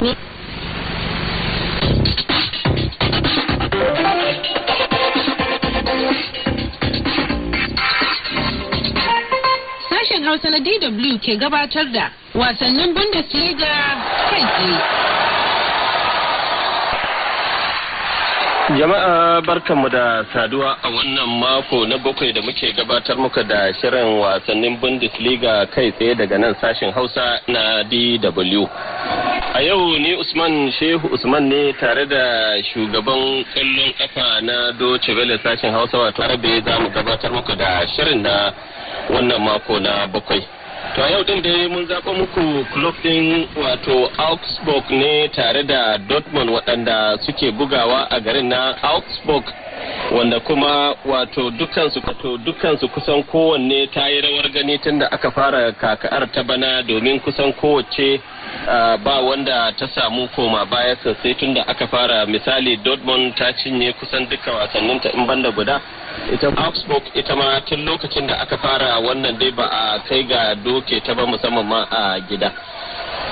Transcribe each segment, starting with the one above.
Sashen Hausa na DW ke gabatar da wasannin Bundesliga kai tsaye. Jama'a barkanmu da saduwa a wannan mako na bakwai da muke gabatar muka da shirin wasannin Bundesliga kai tsaye daga nan sashen Hausa na DW. A yau ni Usman Shehu Usman ne tare da shugaban kallon kafa na Doce bele sashen Hausa wato Arabe za mu gabatar muku da shirin na wannan mako na bakwai. To yau din da mun zaɓa muku club din wato Augsburg ne tare da Dortmund waɗanda suke bugawa a garin na Augsburg wanda kuma wato dukansu wato dukansu kusan kowanne ta yi rawar gani tunda aka fara kaka'ar ta bana domin kusan kowace ba wanda ta samu koma baya sosai tun da aka fara misali dortmund ta cinye kusan duka wasannin ta in banda guda ita augsburg ita ma tun lokacin da aka fara wannan dai ba a kai ga doke ta ba musamman ma a gida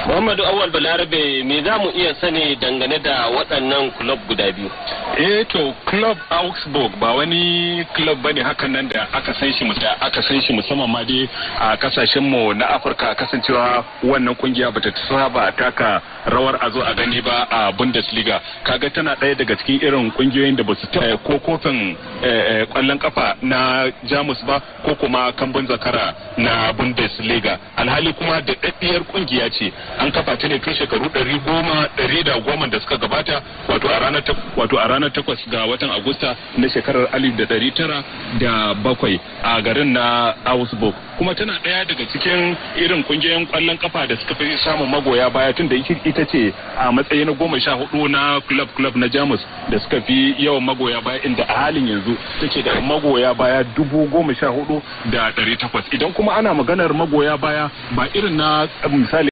muhammadu awal balarabe me za mu iya sani dangane da waɗannan kulob guda biyu eh to club augsburg ba wani club bane hakan nan da aka san shi aka san shi musamman ma dai a kasashen mu na afirka kasancewa wannan kungiya bata saba taka rawar azo a gani ba a bundesliga kaga tana ɗaya daga cikin irin kungiyoyin da basu ta ko kofin Eh, eh, kwallon kafa na jamus ba ko kuma kambun zakara na bundesliga alhali kuma da ɗaɗɗiyar kungiya ce an kafa ta ne tun shekaru ɗari goma ɗari da goma da suka gabata wato a ranar wato a ranar takwas ga watan agusta na shekarar alif da ɗari tara da bakwai a garin na augsburg kuma tana ɗaya daga cikin irin kungiyoyin kwallon kafa da suka fi samun magoya baya tun da ita ce a matsayi na goma sha hudu na club club na jamus da suka fi yawan magoya baya inda a halin yanzu take da magoya baya dubu goma sha hudu da ɗari takwas idan kuma ana maganar magoya baya ba irin na misali